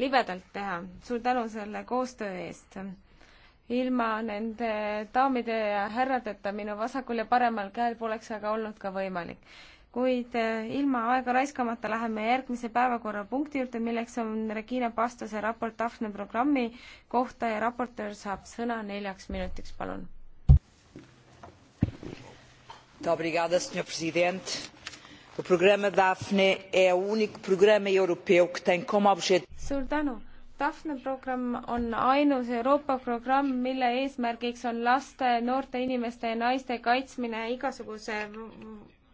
libedalt teha. suur tänu selle koostöö eest. ilma nende daamide ja härradeta minu vasakul ja paremal käel poleks aga olnud ka võimalik. kuid eh, ilma aega raiskamata läheme järgmise päevakorrapunkti juurde, milleks on Regina Pastase raport Daphne programmi kohta ja raportöör saab sõna neljaks minutiks, palun. Muito obrigada, Sr. Presidente O programa Daphne é o único programa europeu que tem como objetivo. Suur tänu! Daphne programm on ainus Euroopa programm, mille eesmärgiks on laste, noorte inimeste ja naiste kaitsmine igasuguse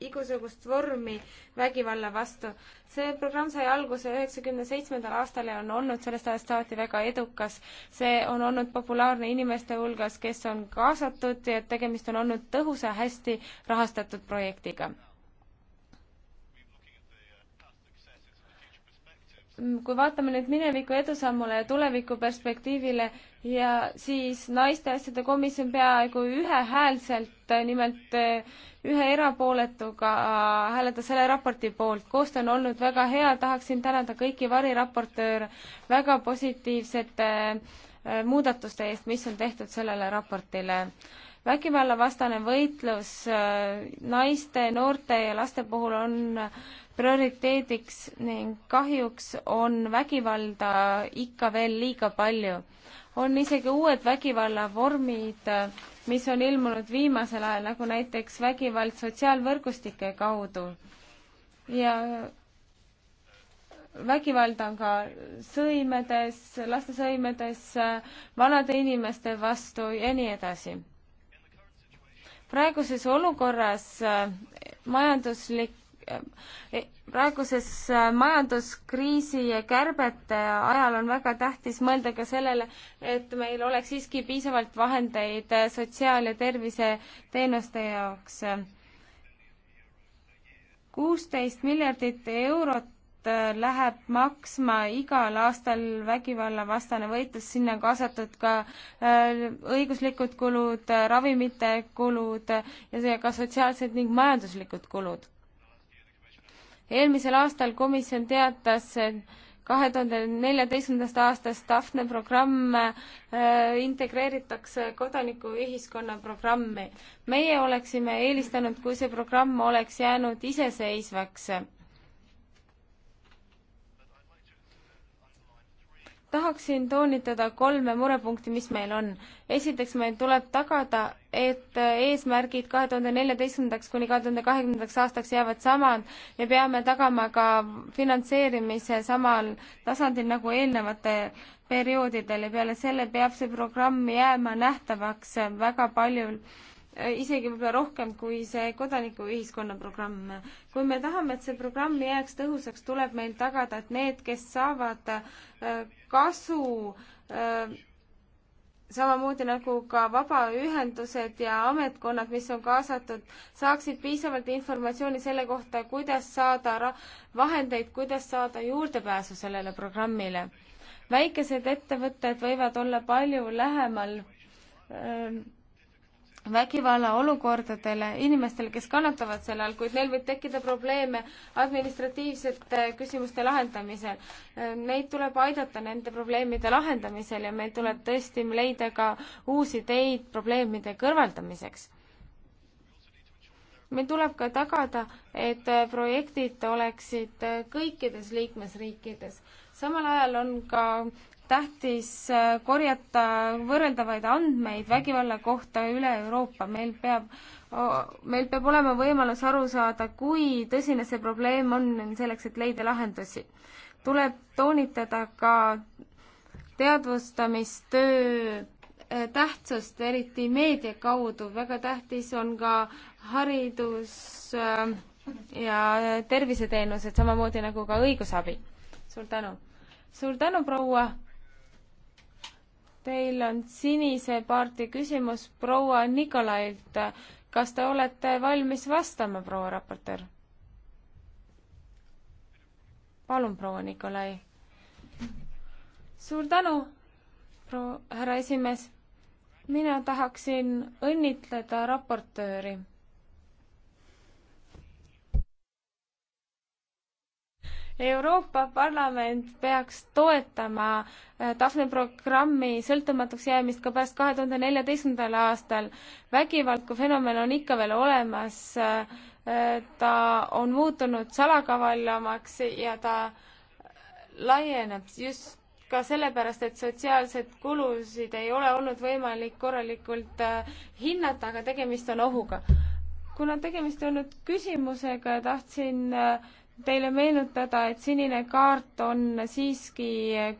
igasugust vormi vägivalla vastu. see programm sai alguse üheksakümne seitsmendal aastal ja on olnud sellest ajast saati väga edukas. see on olnud populaarne inimeste hulgas, kes on kaasatud ja tegemist on olnud tõhusa, hästi rahastatud projektiga. kui vaatame nüüd mineviku edusammule ja tuleviku perspektiivile ja siis naiste asjade komisjon peaaegu ühehäälselt, nimelt eh, ühe erapooletuga äh, hääletas selle raporti poolt. koostöö on olnud väga hea, tahaksin tänada kõiki variraportööre väga positiivsete eh, muudatuste eest, mis on tehtud sellele raportile vägivallavastane võitlus äh, naiste, noorte ja laste puhul on prioriteediks ning kahjuks on vägivalda ikka veel liiga palju. on isegi uued vägivallavormid, mis on ilmunud viimasel ajal, nagu näiteks vägivald sotsiaalvõrgustike kaudu. ja vägivalda on ka sõimedes, laste sõimedes, vanade inimeste vastu ja nii edasi. praeguses olukorras eh, majanduslik praeguses äh, majanduskriisi ja kärbete ajal on väga tähtis mõelda ka sellele, et meil oleks siiski piisavalt vahendeid äh, sotsiaal- ja terviseteenuste jaoks. kuusteist miljardit eurot äh, läheb maksma igal aastal vägivallavastane võitlus, sinna on kaasatud ka õiguslikud kulud, ravimite kulud ja ka sotsiaalsed ning majanduslikud kulud eelmisel aastal komisjon teatas kahe tuhande neljateistkümnendast aastast Daphne programm äh, integreeritakse kodanikuühiskonna programmi. meie oleksime eelistanud, kui see programm oleks jäänud iseseisvaks tahaksin toonitada kolme murepunkti, mis meil on. esiteks, meil tuleb tagada, et eesmärgid kahe tuhande neljateistkümnendaks kuni kahe tuhande kahekümnendaks aastaks jäävad samad. me peame tagama ka finantseerimise samal tasandil nagu eelnevatel perioodidel ja peale selle peab see programm jääma nähtavaks väga palju isegi võib-olla rohkem kui see kodanikuühiskonna programm. kui me tahame, et see programm jääks tõhusaks, tuleb meil tagada, et need, kes saavad äh, kasu äh, samamoodi nagu ka vabaühendused ja ametkonnad, mis on kaasatud, saaksid piisavalt informatsiooni selle kohta, kuidas saada vahendeid, kuidas saada juurdepääsu sellele programmile. väikesed ettevõtted võivad olla palju lähemal öö, äh, vägivalla olukordadele inimestele, kes kannatavad selle all, kuid neil võib tekkida probleeme administratiivsete küsimuste lahendamisel. Neid tuleb aidata nende probleemide lahendamisel ja meil tuleb tõesti leida ka uusi teid probleemide kõrvaldamiseks meil tuleb ka tagada, et äh, projektid oleksid äh, kõikides liikmesriikides. samal ajal on ka tähtis äh, korjata võrreldavaid andmeid vägivalla kohta üle Euroopa. meil peab, meil peab olema võimalus aru saada, kui tõsine see probleem on, selleks et leida lahendusi. tuleb toonitada ka teadvustamistöö tähtsust, eriti meedia kaudu. väga tähtis on ka haridus äh, ja terviseteenused, samamoodi nagu ka õigusabi. suur tänu. suur tänu, proua. Teil on sinise paarti küsimus proua Nikolailt. kas te olete valmis vastama, proua raportöör? palun, proua Nikolai. suur tänu, proua härra esimees. mina tahaksin õnnitleda raportööri Euroopa Parlament peaks toetama äh, Daphne programmi sõltumatuks jäämist ka pärast kahe tuhande neljateistkümnendal aastal. vägivald kui fenomen on ikka veel olemas, äh, ta on muutunud salakavalamaks ja ta laieneb just ka sellepärast, et sotsiaalseid kulusid ei ole olnud võimalik korralikult äh, hinnata, aga tegemist on ohuga. kuna tegemist on nüüd küsimusega, tahtsin teile meenutada, et sinine kaart on siiski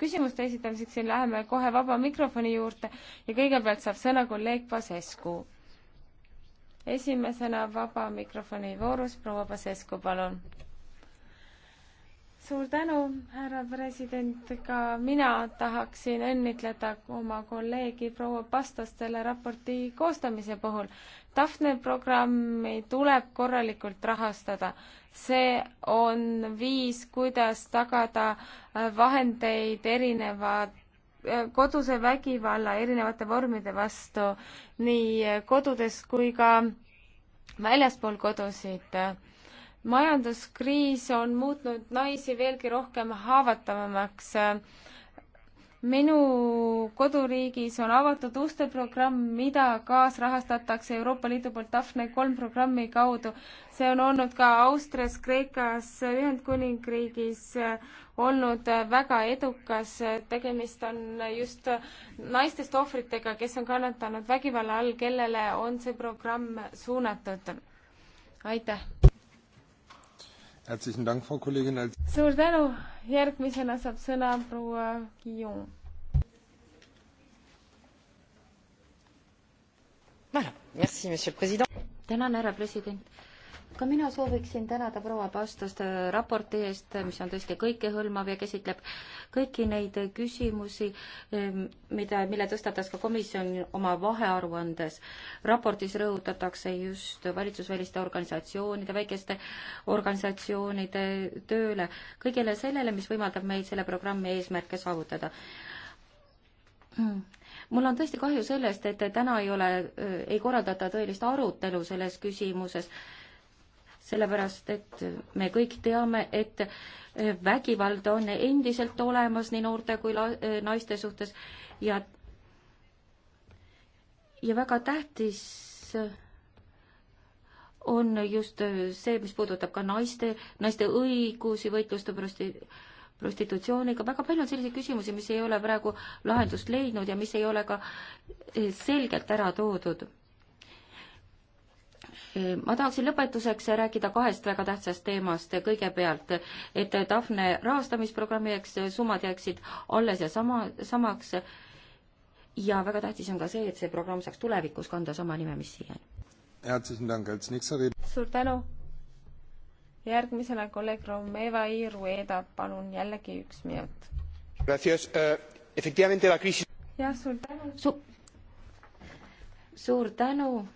küsimuste esitamiseks, siin läheme kohe vaba mikrofoni juurde ja kõigepealt saab sõna kolleeg Pasescu. esimesena vaba mikrofoni voorus proua Pasescu, palun suur tänu, härra president, ka mina tahaksin õnnitleda oma kolleegi proua Pastast selle raporti koostamise puhul. Daphne programmi tuleb korralikult rahastada. see on viis, kuidas tagada äh, vahendeid erinevad äh, koduse vägivalla erinevate vormide vastu nii äh, kodudes kui ka väljaspool kodusid majanduskriis on muutnud naisi veelgi rohkem haavatavamaks. minu koduriigis on avatud uste programm, mida kaasrahastatakse Euroopa Liidu poolt Daphne kolm programmi kaudu. see on olnud ka Austrias, Kreekas, Ühendkuningriigis olnud väga edukas. tegemist on just naistest ohvritega, kes on kannatanud vägivalla all, kellele on see programm suunatud. aitäh! suur tänu, järgmisena saab sõna proua Guillaume. tänan, härra president ka mina sooviksin tänada proua Pastost raporti eest, mis on tõesti kõikehõlmav ja käsitleb kõiki neid küsimusi, ehm, mida, mille tõstatas ka komisjon oma vahearuandes. raportis rõhutatakse just valitsusväliste organisatsioonide, väikeste organisatsioonide tööle, kõigele sellele, mis võimaldab meil selle programmi eesmärke saavutada mul on tõesti kahju sellest, et täna ei ole, ei korraldata tõelist arutelu selles küsimuses sellepärast et me kõik teame, et vägivald on endiselt olemas nii noorte kui la-, naiste suhtes ja ja väga tähtis on just see, mis puudutab ka naiste, naiste õigusi, võitluste prosti-, prostitutsiooniga, väga palju on selliseid küsimusi, mis ei ole praegu lahendust leidnud ja mis ei ole ka selgelt ära toodud ma tahaksin lõpetuseks rääkida kahest väga tähtsast teemast. kõigepealt, et Daphne rahastamisprogrammi jaoks äh, summad jääksid alles ja sama, samaks. ja väga tähtis on ka see, et see programm saaks tulevikus kanda sama nime, mis siiani. suur tänu. järgmisena kolleeg Romeva Irueda, palun jällegi üks minut. Eh, jah, suur tänu Su. suur tänu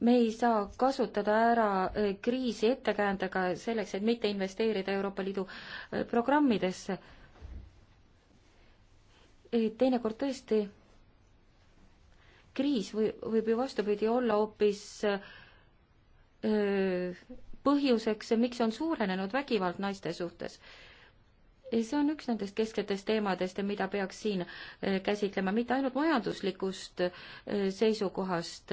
me ei saa kasutada ära äh, kriisi ettekäändega selleks, et mitte investeerida Euroopa Liidu äh, programmidesse. Äh, teinekord tõesti kriis või, võib ju vastupidi olla hoopis põhjuseks, miks on suurenenud vägivald naiste suhtes. see on üks nendest kesksetest teemadest, mida peaks siin käsitlema, mitte ainult majanduslikust seisukohast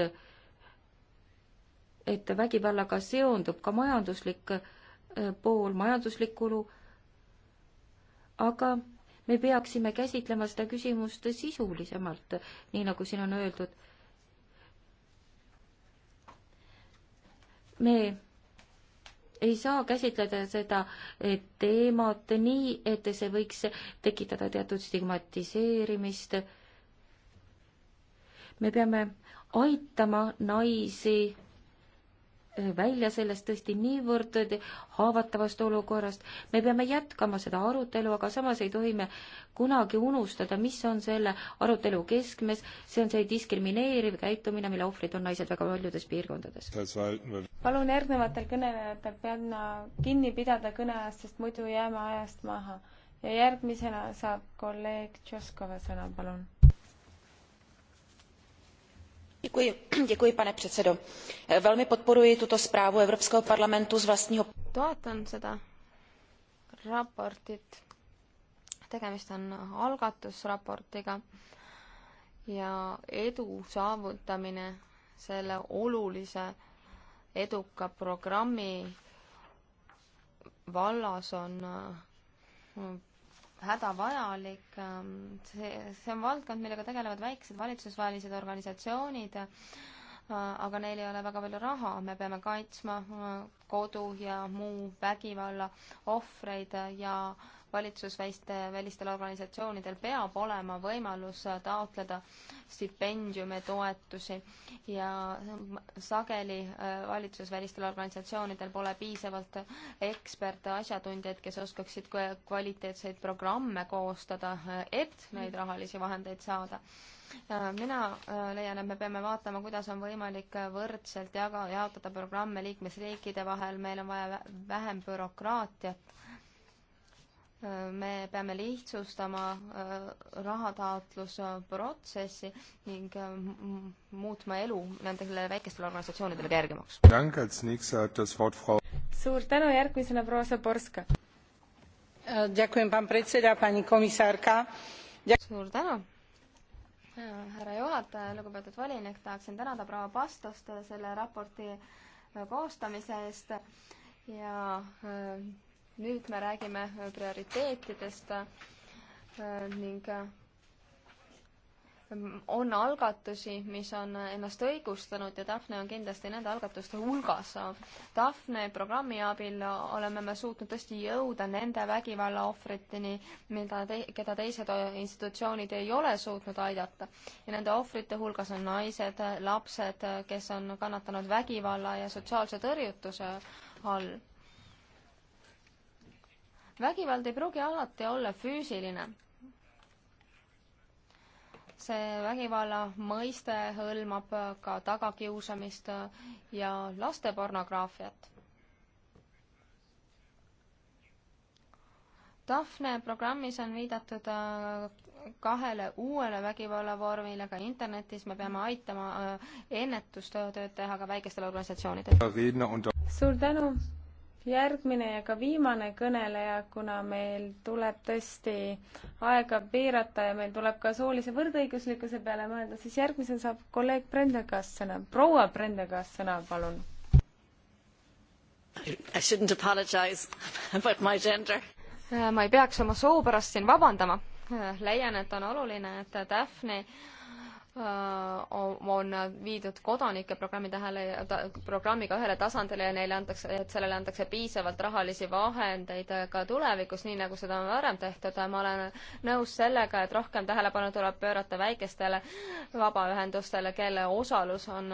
et vägivallaga seondub ka majanduslik äh, pool, majanduslik kulu, aga me peaksime käsitlema seda küsimust sisulisemalt, nii nagu siin on öeldud. me ei saa käsitleda seda teemat nii, et see võiks tekitada teatud stigmatiseerimist. me peame aitama naisi välja sellest tõesti niivõrd haavatavast olukorrast. me peame jätkama seda arutelu, aga samas ei tohi me kunagi unustada, mis on selle arutelu keskmes, see on see diskrimineeriv käitumine, mille ohvrid on naised väga paljudes piirkondades. palun järgnevatel kõnelejatel panna kinni pidada kõneajast, sest muidu jääme ajast maha. ja järgmisena saab kolleeg Tšoskova sõna, palun Děkuji, pane předsedo. Eh, velmi podporuji tuto zprávu Evropského parlamentu z vlastního... Toetan seda raportit. Tegemist on algatusraportiga ja edu saavutamine selle olulise eduka programmi vallas on eh, hädavajalik, ähm, see, see on valdkond, millega tegelevad väiksed valitsusvahelised organisatsioonid, äh, aga neil ei ole väga palju raha, me peame kaitsma äh, kodu ja muu vägivalla ohvreid ja valitsusväliste, välistel organisatsioonidel peab olema võimalus taotleda stipendiume, toetusi ja sageli äh, valitsusvälistel organisatsioonidel pole piisavalt eksperte, asjatundjaid, kes oskaksid kvaliteetseid programme koostada, äh, et neid rahalisi vahendeid saada äh, mina leian, et me peame vaatama, kuidas on võimalik võrdselt jaga, jaotada programme liikmesriikide vahel, meil on vaja vähem bürokraatiat me peame lihtsustama äh, rahataotlusprotsessi ning äh, muutma elu nendele väikestele organisatsioonidele kergemaks. suur tänu, järgmisena proua Saborska. Äh, suur tänu, härra juhataja, lugupeetud volinik, tahaksin tänada proua Pastost selle raporti koostamise eest ja nüüd me räägime äh, prioriteetidest äh, ning äh, on algatusi, mis on ennast õigustanud ja Daphne on kindlasti nende algatuste hulgas. Daphne programmi abil oleme me suutnud tõesti jõuda nende vägivalla ohvriteni, mida te, keda teised institutsioonid ei ole suutnud aidata. ja nende ohvrite hulgas on naised, lapsed, kes on kannatanud vägivalla ja sotsiaalse tõrjutuse all vägivald ei pruugi alati olla füüsiline. see vägivalla mõiste hõlmab ka tagakiusamist ja lastepornograafiat Daphne programmis on viidatud äh, kahele uuele vägivallavormile ka internetis, me peame aitama äh, ennetustööd teha ka väikestel organisatsioonidel. suur tänu järgmine ja ka viimane kõneleja, kuna meil tuleb tõesti aega piirata ja meil tuleb ka soolise võrdõiguslikkuse peale mõelda, siis järgmisel saab kolleeg Prendergast sõna, proua Prendergast sõna, palun. I shouldn't apologise about my gender. Äh, ma ei peaks oma soo pärast siin vabandama. Äh, leian, et on oluline, et Daphne Äh, on viidud kodanike programmi tähele, programmiga ühele tasandile ja neile antakse, et sellele antakse piisavalt rahalisi vahendeid äh, ka tulevikus, nii nagu seda on varem tehtud. Äh, ma olen nõus sellega, et rohkem tähelepanu tuleb pöörata väikestele vabaühendustele, kelle osalus on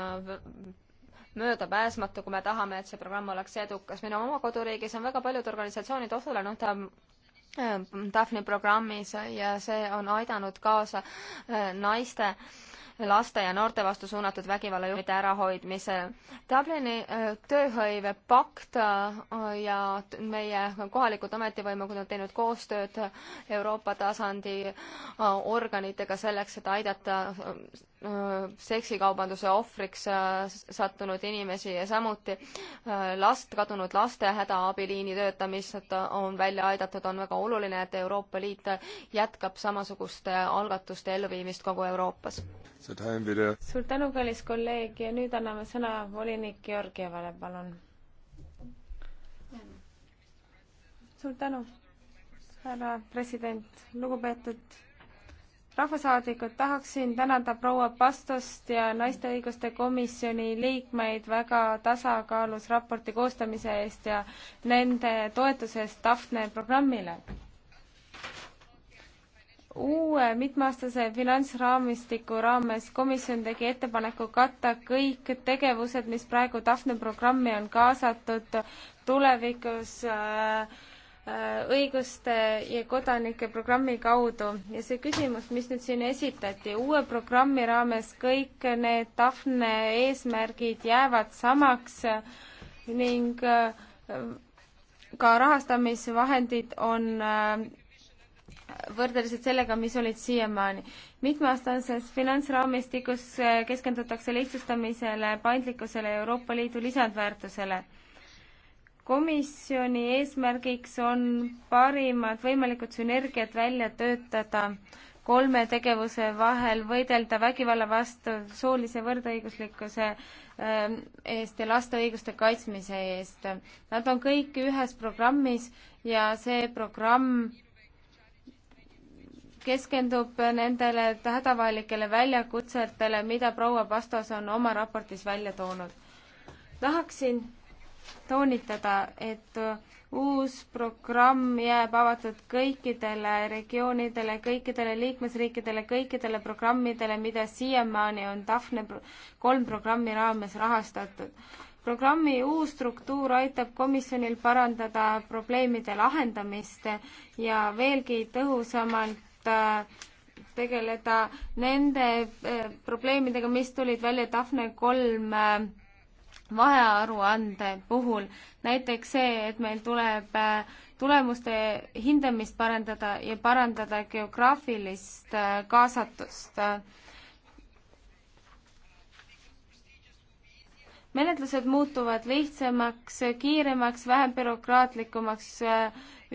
möödapääsmatu, kui me tahame, et see programm oleks edukas. minu oma koduriigis on väga paljud organisatsioonid osalenud Daphne programmis ja see on aidanud kaasa äh, naiste laste ja noorte vastu suunatud vägivallajuhtumite ärahoidmisel. Dublini äh, tööhõivepakt äh, ja meie kohalikud ametivõimud on teinud koostööd Euroopa tasandi äh, organitega selleks, et aidata seksikaubanduse ohvriks sattunud inimesi ja samuti last, kadunud laste hädaabiliini töötamist on välja aidatud, on väga oluline, et Euroopa Liit jätkab samasuguste algatuste elluviimist kogu Euroopas suur tänu, kallis kolleeg ja nüüd anname sõna volinik Georgievale, palun. suur tänu, härra president, lugupeetud rahvasaadikud, tahaksin tänada proua Pastost ja naiste õiguste komisjoni liikmeid väga tasakaalus raporti koostamise eest ja nende toetuse eest Daphne programmile uue mitmeaastase finantsraamistiku raames komisjon tegi ettepaneku katta kõik tegevused, mis praegu Daphne programmi on kaasatud tulevikus äh, äh, õiguste ja kodanike programmi kaudu ja see küsimus, mis nüüd siin esitati, uue programmi raames kõik need Daphne eesmärgid jäävad samaks ning äh, ka rahastamisvahendid on äh, võrdeliselt sellega, mis olid siiamaani. mitmeaastases finantsraamistikus äh, keskendutakse lihtsustamisele, paindlikkusele ja Euroopa Liidu lisandväärtusele. komisjoni eesmärgiks on parimad võimalikud sünergiad välja töötada kolme tegevuse vahel, võidelda vägivalla vastu, soolise võrdõiguslikkuse ähm, eest ja laste õiguste kaitsmise eest. Nad on kõik ühes programmis ja see programm keskendub nendele hädavajalikele väljakutsetele, mida proua Pastos on oma raportis välja toonud. tahaksin toonitada, et uus programm jääb avatud kõikidele regioonidele, kõikidele liikmesriikidele, kõikidele programmidele, mida siiamaani on Daphne kolm programmi raames rahastatud. programmi uus struktuur aitab komisjonil parandada probleemide lahendamist ja veelgi tõhusamalt Äh, tegeleda nende äh, probleemidega, mis tulid välja Daphne kolm äh, vahearuande puhul. näiteks see, et meil tuleb tulemuste hindamist parandada ja parandada geograafilist kaasatust menetlused muutuvad lihtsamaks, kiiremaks, vähem bürokraatlikumaks,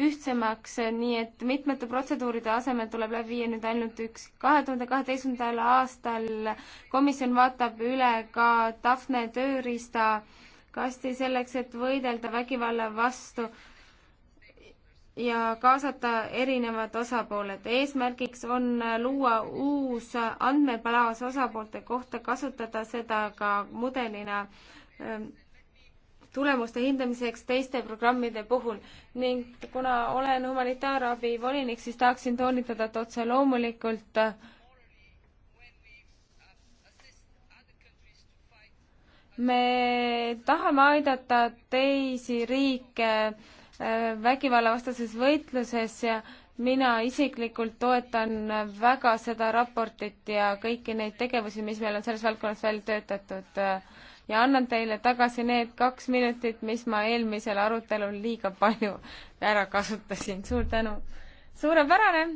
ühtsemaks, nii et mitmete protseduuride asemel tuleb läbi viia nüüd ainult üks. kahe tuhande kaheteistkümnendal aastal komisjon vaatab üle ka Tafne tööriista kasti selleks, et võidelda vägivalla vastu ja kaasata erinevad osapooled. eesmärgiks on luua uus andmebaas osapoolte kohta, kasutada seda ka mudelina ähm, tulemuste hindamiseks teiste programmide puhul ning kuna olen humanitaarabi volinik, siis tahaksin toonitada, et otse loomulikult äh, me tahame aidata teisi riike äh, vägivallavastases võitluses ja mina isiklikult toetan väga seda raportit ja kõiki neid tegevusi, mis meil on selles valdkonnas välja töötatud. ja annan teile tagasi need kaks minutit, mis ma eelmisel arutelul liiga palju ära kasutasin. suur tänu! suurepärane!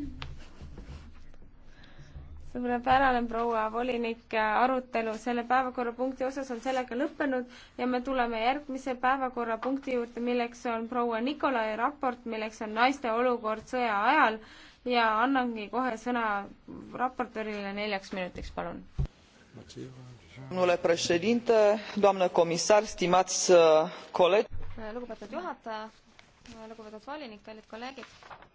suurepärane, proua volinik, äh, arutelu selle päevakorrapunkti osas on sellega lõppenud ja me tuleme järgmise päevakorrapunkti juurde, milleks on proua Nikolai raport, milleks on naiste olukord sõja ajal ja annangi kohe sõna raportöörile neljaks minutiks, palun. Äh, lugupeetud juhataja, lugupeetud volinik, kallid kolleegid